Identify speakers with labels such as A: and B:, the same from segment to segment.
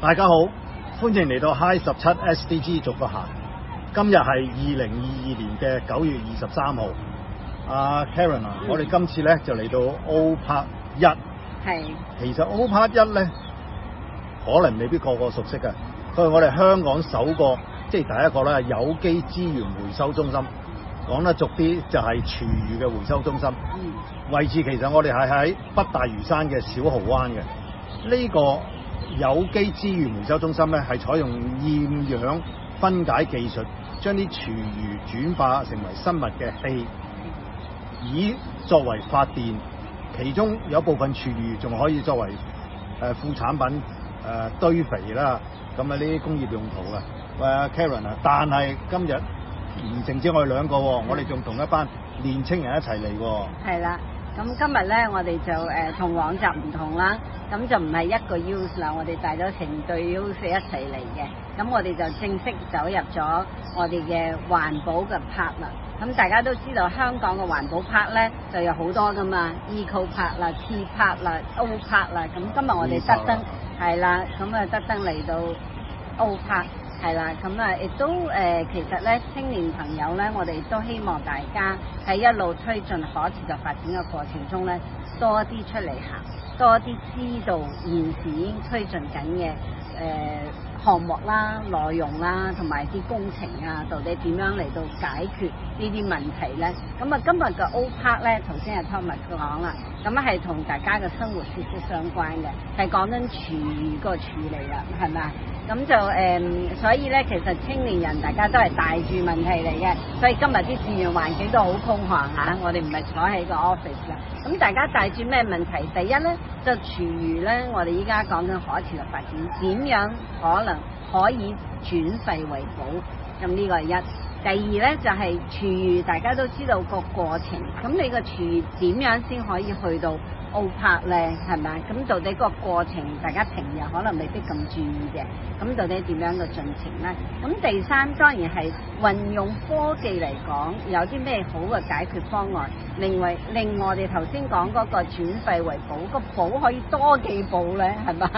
A: 大家好，歡迎嚟到 Hi 十七 SDG 逐個行。今日係二零二二年嘅九月二十三號。阿、uh, Karen 啊、mm，hmm. 我哋今次咧就嚟到 O·PARK 一。
B: 係。是
A: 其實 O·PARK 一咧，可能未必個個熟悉嘅。佢係我哋香港首個，即係第一個咧有機資源回收中心。講得俗啲就係廚餘嘅回收中心。Mm hmm. 位置其實我哋係喺北大嶼山嘅小蠔灣嘅。呢、這個有機資源回收中心咧，係採用厭氧分解技術，將啲廚餘轉化成為生物嘅氣，以作為發電。其中有部分廚餘仲可以作為誒、呃、副產品誒、呃、堆肥啦，咁啊呢啲工業用途啊。喂、呃、Karen 啊，但係今日唔淨止我哋兩個喎、哦，嗯、我哋仲同一班年青人一齊嚟喎。
B: 係啦。咁今日咧，我哋就誒、呃、同往集唔同啦，咁就唔係一個 use 啦，我哋帶咗成對 use 一齊嚟嘅，咁我哋就正式走入咗我哋嘅環保嘅 part 啦。咁大家都知道香港嘅環保 part 咧，就有好多噶嘛，eco part 啦、T part 啦、O part 啦。咁今日我哋特登係啦，咁啊特登嚟到 O part。係啦，咁啊，亦都誒、呃，其實咧，青年朋友咧，我哋都希望大家喺一路推進可持續發展嘅過程中咧，多啲出嚟行，多啲知道現時已經推進緊嘅誒項目啦、內容啦，同埋啲工程啊，到底點樣嚟到解決呢啲問題咧？咁、嗯、啊，今日嘅 O‧PARK 咧，頭先啊 Tommy 講啦。咁啊，係同、嗯、大家嘅生活息息相關嘅，係講緊廚餘個處理啦，係咪啊？咁就誒、呃，所以咧，其實青年人大家都係帶住問題嚟嘅，所以今日啲自然環境都好空曠，嚇、啊，我哋唔係坐喺個 office 啦。咁、嗯、大家帶住咩問題？第一咧，就廚餘咧，我哋依家講緊可持續發展，點樣可能可以轉廢為寶？咁、嗯、呢、這個係一。第二咧，就係廚餘，大家都知道個過程。咁你個廚餘點樣先可以去到？澳拍咧，係咪啊？咁到底個過程，大家平日可能未必咁注意嘅。咁到底點樣個進程咧？咁第三，當然係運用科技嚟講，有啲咩好嘅解決方案？另外，另外，我哋頭先講個轉廢為寶，嗰個寶可以多幾寶咧，係嘛？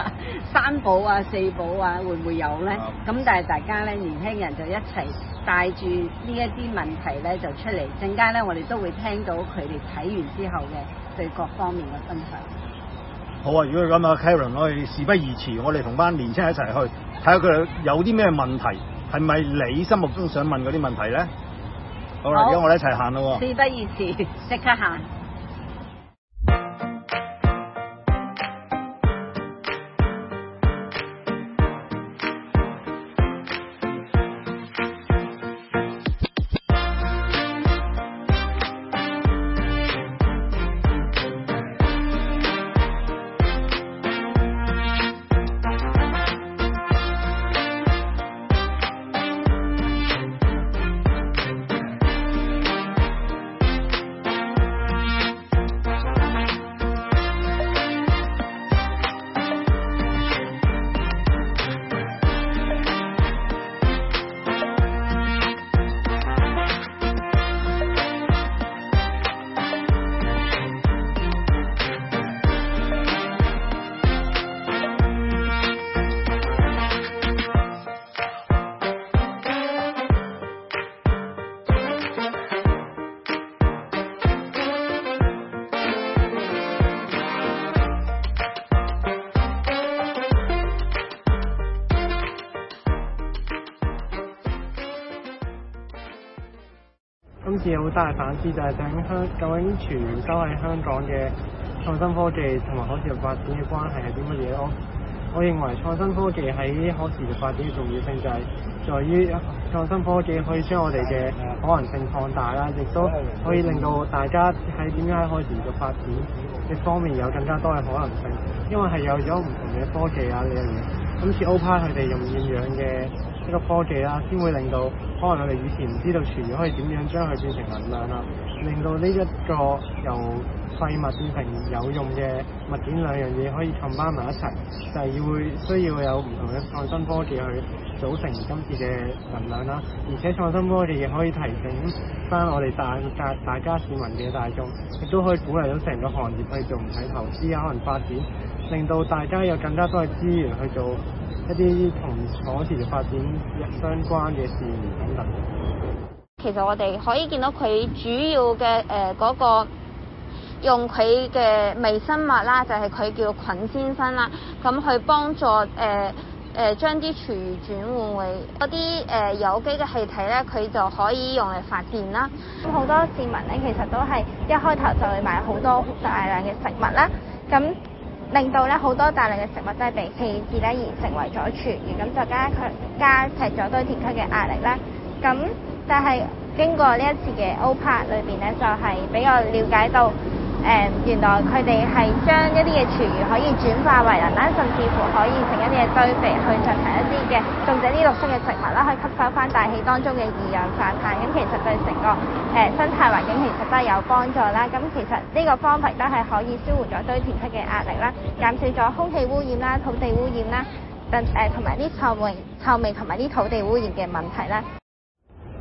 B: 三寶啊，四寶啊，會唔會有咧？咁、嗯、但係大家咧，年輕人就一齊帶住呢一啲問題咧，就出嚟。陣間咧，我哋都會聽到佢哋睇完之後嘅對各方面嘅。
A: 問題。好啊，如果咁啊，Karen，我哋事不宜遲，我哋同班年青人一齊去睇下佢哋有啲咩問題，係咪你心目中想問嗰啲問題咧？好、啊。啦，好。好。而家我哋一齊行咯，事不宜遲，即刻行。
C: 有好大反思，就係究竟香究竟全州喺香港嘅創新科技同埋可持續發展嘅關係係啲乜嘢？我我認為創新科技喺可持續發展嘅重要性就係，在於創新科技可以將我哋嘅可能性擴大啦，亦都可以令到大家喺點解喺可持續發展嘅方面有更加多嘅可能性，因為係有咗唔同嘅科技啊呢樣嘢。今次 o 派，佢哋用厭氧嘅。一個科技啦，先會令到可能我哋以前唔知道廚餘可以點樣將佢變成能量啦，令到呢一個由廢物變成有用嘅物件兩樣嘢可以冚巴埋一齊，就係、要、會需要有唔同嘅創新科技去組成今次嘅能量啦。而且創新科技亦可以提醒翻我哋大大大家市民嘅大眾，亦都可以鼓勵到成個行業去做唔使投資可能發展，令到大家有更加多嘅資源去做一啲同港前發展相關
D: 嘅事，其實我哋可以見到佢主要嘅誒嗰個用佢嘅微生物啦，就係、是、佢叫菌先生啦，咁去幫助誒誒、呃呃、將啲廚餘轉換為嗰啲誒有機嘅氣體咧，佢就可以用嚟發電啦。咁好多市民咧，其實都係一開頭就買好多
E: 大量嘅食物啦，咁。令到咧好多大量嘅食物都係被棄置咧，而成為咗廚餘，咁就加佢加劇咗堆填區嘅壓力咧。咁但係經過呢一次嘅歐拍裏邊咧，就係、是、畀我了解到。誒、嗯，原來佢哋係將一啲嘅廚餘可以轉化為能源，甚至乎可以成一啲嘅堆肥去進行一啲嘅種植啲綠色嘅植物啦，去吸收翻大氣當中嘅二氧化碳。咁、嗯、其實對成個誒、呃、生態環境其實都係有幫助啦。咁、嗯、其實呢個方法都係可以舒緩咗堆填區嘅壓力啦，減少咗空氣污染啦、土地污染啦，同誒同埋啲臭味、臭味同埋啲土地污染嘅問題啦。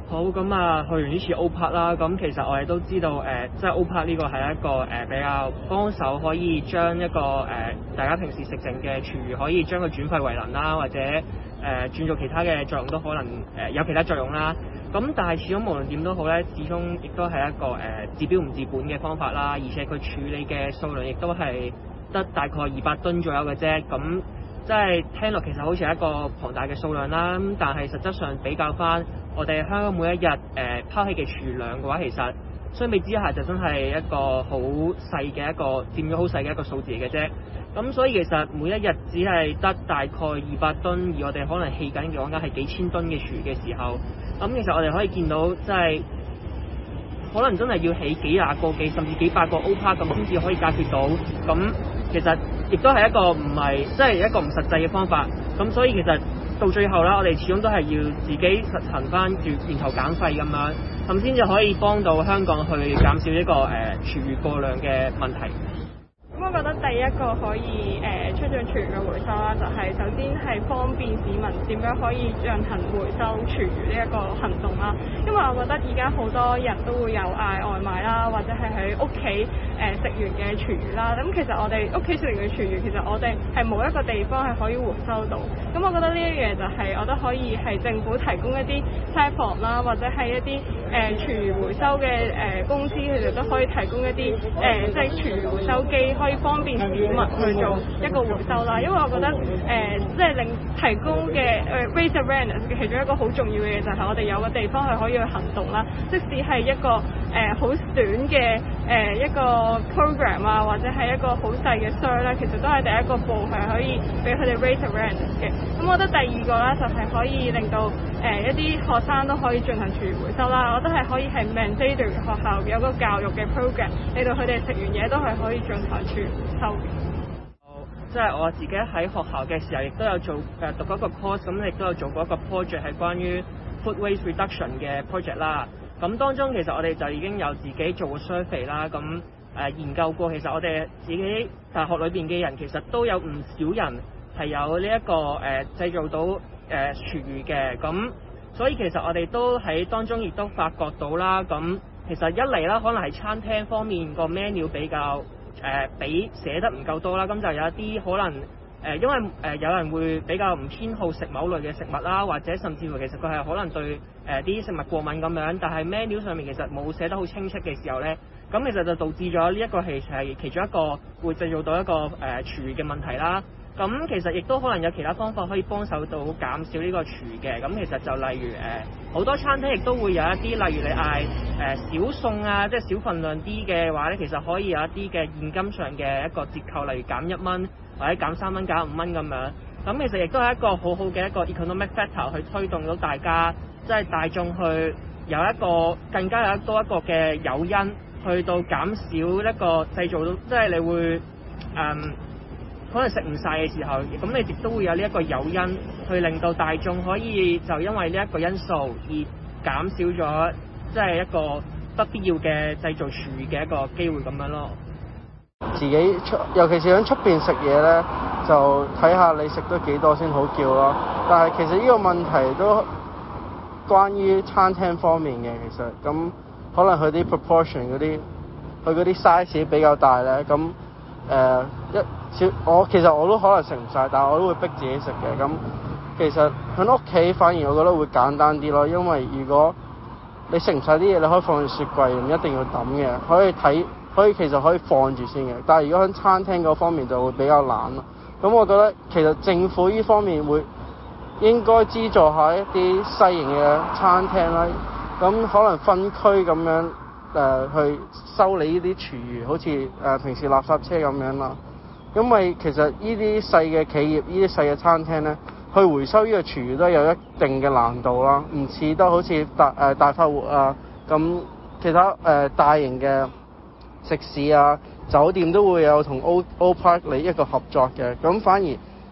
F: 好，咁啊，去完呢次 O·PARK 啦，咁其實我哋都知道誒、呃，即係 O·PARK 呢個係一個誒比較幫手可以將一個誒、呃、大家平時食剩嘅廚餘可以將佢轉廢為能啦，或者誒轉、呃、做其他嘅作用都可能誒、呃、有其他作用啦。咁但係始終無論點都好咧，始終亦都係一個誒治標唔治本嘅方法啦，而且佢處理嘅數量亦都係得大概二百噸左右嘅啫，咁。即係聽落，其實好似係一個龐大嘅數量啦。但係實質上比較翻我哋香港每一日誒、呃、拋棄嘅廚量嘅話，其實相比之下就真係一個好細嘅一個佔咗好細嘅一個數字嚟嘅啫。咁所以其實每一日只係得大概二百噸，而我哋可能棄緊嘅講緊係幾千噸嘅廚嘅時候，咁其實我哋可以見到即係可能真係要起幾廿個幾甚至幾百個 O·PARK 咁先至可以解決到。咁其實亦都係一個唔係，即係一個唔實際嘅方法。咁所以其實到最後啦，我哋始終都係要自己實行返，然後減廢咁樣，咁先至可以幫到香港去減少一、這個誒廚餘過量嘅問題。
G: 咁我覺得第一個可以誒、呃、促進廚餘嘅回收啦，就係、是、首先係方便市民點樣可以進行回收廚餘呢一個行動啦。因為我覺得而家好多人都會有嗌外賣啦，或者係喺屋企誒食完嘅廚餘啦。咁、嗯、其實我哋屋企食完嘅廚餘其實我哋係冇一個地方係可以回收到。咁、嗯、我覺得呢一樣嘢就係、是、我覺得可以係政府提供一啲 s 房啦，或者係一啲。誒，廚餘、呃、回收嘅誒、呃、公司，其實都可以提供一啲誒、呃，即係廚餘回收機，可以方便市民去做一個回收啦。因為我覺得誒、呃，即係令。提供嘅誒、uh, raise awareness 嘅其中一個好重要嘅嘢就係我哋有個地方係可以去行動啦，即使係一個誒好、呃、短嘅誒、呃、一個 program 啊，或者係一個好細嘅箱咧，其實都係第一個部分可以俾佢哋 raise awareness 嘅。咁、嗯、我覺得第二個咧就係、是、可以令到誒、呃、一啲學生都可以進行廚餘回收啦。我覺得係可以係 mandated 住學校有個教育嘅 program，令到佢哋食完嘢都係可以進行廚餘回收。
F: 即係我自己喺學校嘅時候，亦都有做誒、呃、讀嗰個 course，咁、嗯、亦都有做過一個 project 係關於 food waste reduction 嘅 project 啦。咁、嗯、當中其實我哋就已經有自己做過 survey 啦。咁、嗯、誒、呃、研究過，其實我哋自己大學裏邊嘅人其實都有唔少人係有呢、這、一個誒、呃、製造到誒、呃、廚餘嘅。咁、嗯、所以其實我哋都喺當中亦都發覺到啦。咁、嗯、其實一嚟啦，可能係餐廳方面個 menu 比較。誒比寫得唔夠多啦，咁就有一啲可能誒、呃，因為誒有人會比較唔偏好食某類嘅食物啦，或者甚至乎其實佢係可能對誒啲、呃、食物過敏咁樣，但係 menu 上面其實冇寫得好清晰嘅時候咧，咁其實就導致咗呢一個係係其中一個會製造到一個誒廚餘嘅問題啦。咁其實亦都可能有其他方法可以幫手到減少呢個廚嘅。咁其實就例如誒，好、呃、多餐廳亦都會有一啲，例如你嗌誒、呃、小餸啊，即係小份量啲嘅話咧，其實可以有一啲嘅現金上嘅一個折扣，例如減一蚊或者減三蚊、減五蚊咁樣。咁其實亦都係一個好好嘅一個 economic factor 去推動到大家即係、就是、大眾去有一個更加有一多一個嘅誘因去到減少一個製造到，即、就、係、是、你會誒。嗯可能食唔晒嘅時候，咁你亦都會有呢一個誘因，去令到大眾可以就因為呢一個因素而減少咗，即係一個不必要嘅製造廚餘嘅一個機會咁樣咯。
H: 自己出，尤其是喺出邊食嘢咧，就睇下你食得幾多先好叫咯。但係其實呢個問題都關於餐廳方面嘅，其實咁可能佢啲 proportion 啲，佢啲 size 比較大咧，咁誒、呃、一。我其實我都可能食唔晒，但係我都會逼自己食嘅。咁、嗯、其實喺屋企反而我覺得會簡單啲咯，因為如果你食唔晒啲嘢，你可以放喺雪櫃，唔一定要抌嘅，可以睇可以其實可以放住先嘅。但係如果喺餐廳嗰方面就會比較難咯。咁、嗯、我覺得其實政府依方面會應該資助一下一啲細型嘅餐廳啦。咁、嗯、可能分區咁樣誒、呃、去修理呢啲廚餘，好似誒平時垃圾車咁樣啦。因為其實呢啲細嘅企業、呢啲細嘅餐廳呢，去回收呢個廚餘都有一定嘅難度啦，唔似得好似大誒、呃、大發活啊，咁、嗯、其他誒、呃、大型嘅食肆啊、酒店都會有同 O O Park 嚟一個合作嘅，咁、嗯、反而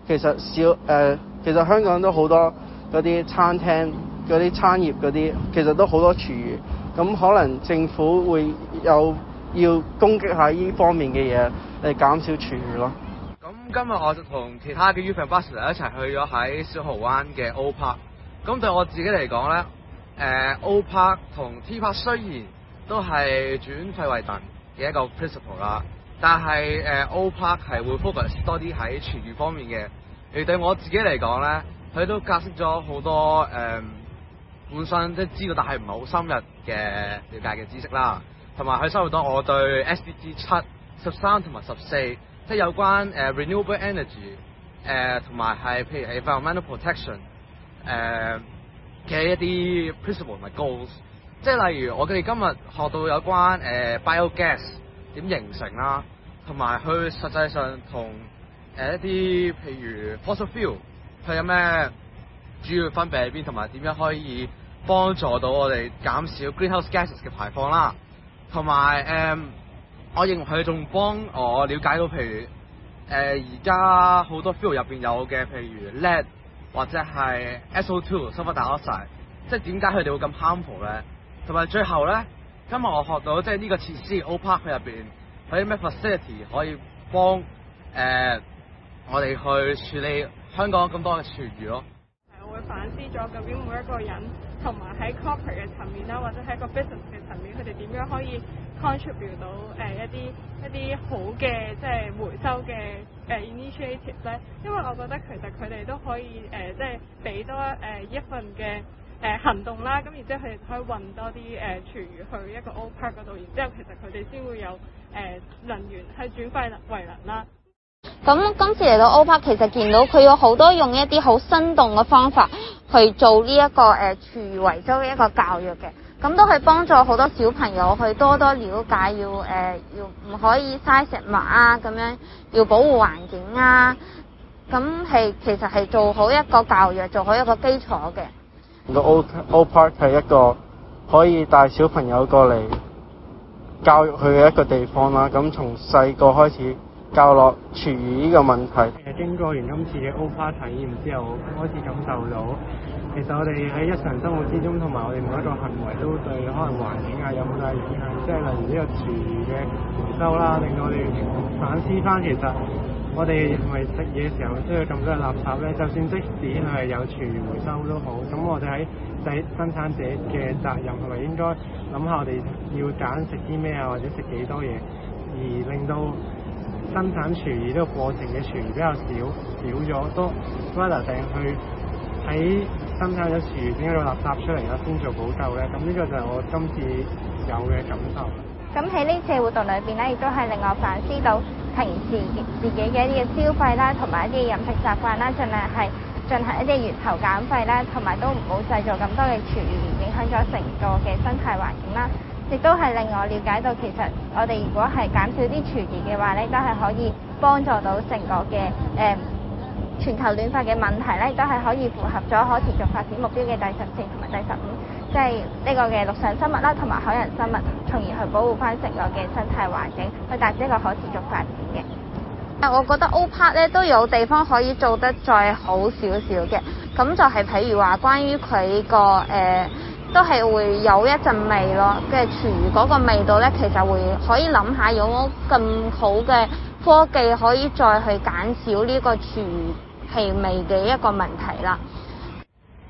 H: 其實小誒、呃、其實香港都好多嗰啲餐廳、嗰啲餐業嗰啲，其實都好多廚餘，咁、嗯、可能政府會有。要攻擊下呢方面嘅嘢，嚟減少廚餘咯。
I: 咁今日我就同其他嘅 YouTuber 一齊去咗喺小蠔灣嘅 O Park。咁對我自己嚟講咧，誒 O Park 同 T Park 雖然都係轉廢為能嘅一個 principle 啦，但係誒 O Park 係會 focus 多啲喺廚餘方面嘅。而對我自己嚟講咧，佢都解釋咗好多誒、呃，本身都知道但係唔係好深入嘅了解嘅知識啦。同埋佢收到，我對 S D G 七、呃、十三同埋十四，即係有關誒 renewable energy 誒，同埋係譬如係 environmental protection 誒嘅一啲 principle 同埋 goals，即係例如我哋今日學到有關誒、呃、biogas 點形成啦、啊，同埋佢實際上同誒一啲譬如 fossil fuel 佢有咩主要分別喺邊，同埋點樣可以幫助到我哋減少 greenhouse gases 嘅排放啦、啊。同埋誒我認為佢仲幫我了解到，譬如誒而家好多 fuel 入邊有嘅，譬如 lead 或者係 SO2，sulphur dioxide，即係點解佢哋會咁 harmful 咧？同埋最後咧，今日我學到即係呢個設施 O·PARK 入邊，佢啲咩 facility 可以幫誒、呃、我哋去處理香港咁多嘅廚餘咯。係，我會反思咗究竟每一個
G: 人。同埋喺 corporate 嘅層面啦，或者喺個 business 嘅層面，佢哋點樣可以 contribute 到誒、呃、一啲一啲好嘅即係回收嘅誒 initiative 咧？因為我覺得其實佢哋都可以誒、呃，即係俾多誒一份嘅誒、呃、行動啦。咁然之後佢哋可以運多啲誒廚餘去一個 O PARK 度，然之後其實佢哋先會有誒、呃、能源係轉廢為能啦。呃
D: 咁今次嚟到 O Park，其實見到佢有好多用一啲好生動嘅方法去做呢、這、一個誒廚餘維州嘅一個教育嘅，咁都係幫助好多小朋友去多多了解，要誒、呃、要唔可以嘥食物啊，咁樣要保護環境啊，咁係其實係做好一個教育，做好一個基礎嘅。
H: 個 O，O Park 係一個可以帶小朋友過嚟教育佢嘅一個地方啦。咁從細個開始。教落廚餘呢個問題。
C: 誒，經過完今次嘅屋花體驗之後，開始感受到其實我哋喺日常生活之中，同埋我哋每一個行為都對可能環境啊有好大影響。即係例如呢個廚餘嘅回收啦，令到我哋反思翻其實我哋係咪食嘢嘅時候需要咁多嘅垃圾咧？就算即使係有廚餘回收都好，咁我哋喺製生產者嘅責任係咪應該諗下我哋要揀食啲咩啊，或者食幾多嘢，而令到？生產廚餘呢個過程嘅廚餘比較少，少咗都不如定去喺生產咗廚餘，將佢垃圾出嚟啦，工作補救咧。咁呢個就係我今次有嘅感受。
E: 咁喺呢次活動裏邊咧，亦都係令我反思到平時自己嘅一啲嘅消費啦，同埋一啲飲食習慣啦，盡量係進行一啲源頭減廢啦，同埋都唔好製造咁多嘅廚餘，影響咗成個嘅生態環境啦。亦都係令我了解到，其實我哋如果係減少啲廚餘嘅話咧，都係可以幫助到成個嘅誒、呃、全球暖化嘅問題咧，都係可以符合咗可持續發展目標嘅第十四同埋第十五，即係呢個嘅陸上生物啦，同埋海洋生物，從而去保護翻成個嘅生態環境，去達至一個可持續發展嘅。
D: 我覺得 Opal 咧都有地方可以做得再好少少嘅，咁就係譬如話關於佢個誒。呃都係會有一陣味咯，即係廚餘嗰個味道咧，其實會可以諗下有冇更好嘅科技可以再去減少呢個廚餘氣味嘅一個問題啦。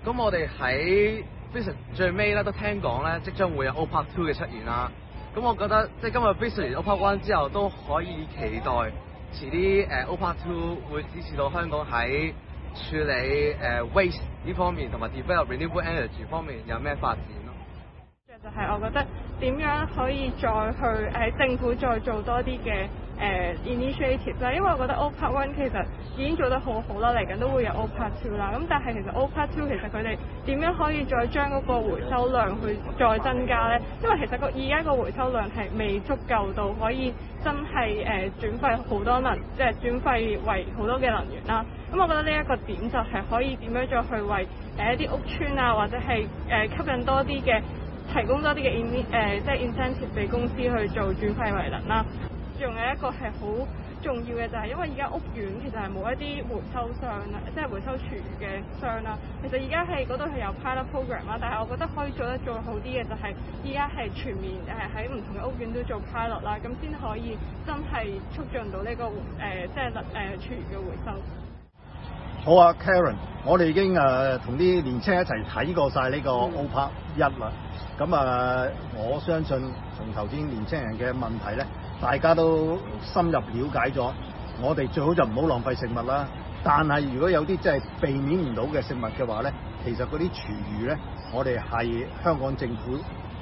I: 咁我哋喺 v i s i 最尾咧都聽講咧，即將會有 Opal Two 嘅出現啦。咁我覺得即係今日 v i s i 嚟到 Opal One 之後都可以期待，遲啲誒 Opal Two 會支持到香港喺。處理誒、uh, waste 呢方面同埋 develop renewable energy 方面有咩發展咯？其
G: 實係我覺得點樣可以再去誒政府再做多啲嘅。誒、uh, initiative 啦，因為我覺得 O·PARK One 其實已經做得好好啦，嚟緊都會有 O·PARK Two 啦。咁但係其實 O·PARK Two 其實佢哋點樣可以再將嗰個回收量去再增加呢？因為其實個而家個回收量係未足夠到可以真係誒轉廢好多能即係轉廢為好多嘅能源啦。咁、嗯、我覺得呢一個點就係可以點樣再去為誒一啲屋村啊，或者係誒、呃、吸引多啲嘅提供多啲嘅 init 即係 incentive 俾公司去做轉廢為能啦、啊。仲有一個係好重要嘅，就係、是、因為而家屋苑其實係冇一啲回收箱啦，即係回收廚餘嘅箱啦。其實而家係嗰度係有 pilot program 啦，但係我覺得可以做得最好啲嘅、就是，就係而家係全面誒喺唔同嘅屋苑都做 pilot 啦，咁先可以真係促進到呢、這個誒、呃、即係誒
A: 廚餘嘅回收。好啊，Karen，我哋已經誒同啲年青人一齊睇過晒呢個 OPA 一啦。咁啊、嗯呃，我相信從頭先年青人嘅問題咧。大家都深入了解咗，我哋最好就唔好浪費食物啦。但係如果有啲真係避免唔到嘅食物嘅話咧，其實嗰啲廚餘咧，我哋係香港政府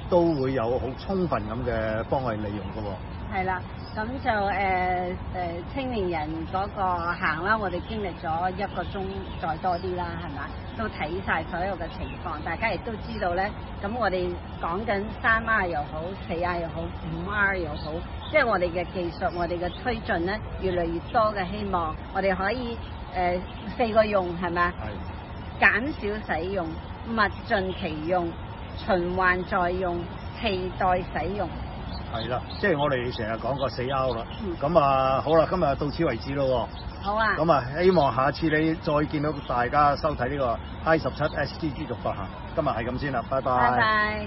A: 都會有好充分咁嘅幫我哋利用噶喎。
B: 係啦，咁就誒誒、呃呃、青年人嗰個行啦，我哋經歷咗一個鐘再多啲啦，係咪都睇晒所有嘅情況，大家亦都知道咧。咁我哋講緊三 R 又好，四 R 又好，五 R 又好。即係我哋嘅技術，我哋嘅推進咧，越嚟越多嘅，希望我哋可以誒、呃、四個用係咪係，減少使用，物盡其用，循環再用，替代使用。
A: 係啦，即係我哋成日講個四 R 啦。咁、嗯、啊，好啦，今日到此為止咯。
B: 好啊。咁
A: 啊，希望下次你再見到大家收睇呢個 I 十七 S T 繼續發行。68, 今日係咁先啦，拜拜。拜
B: 拜。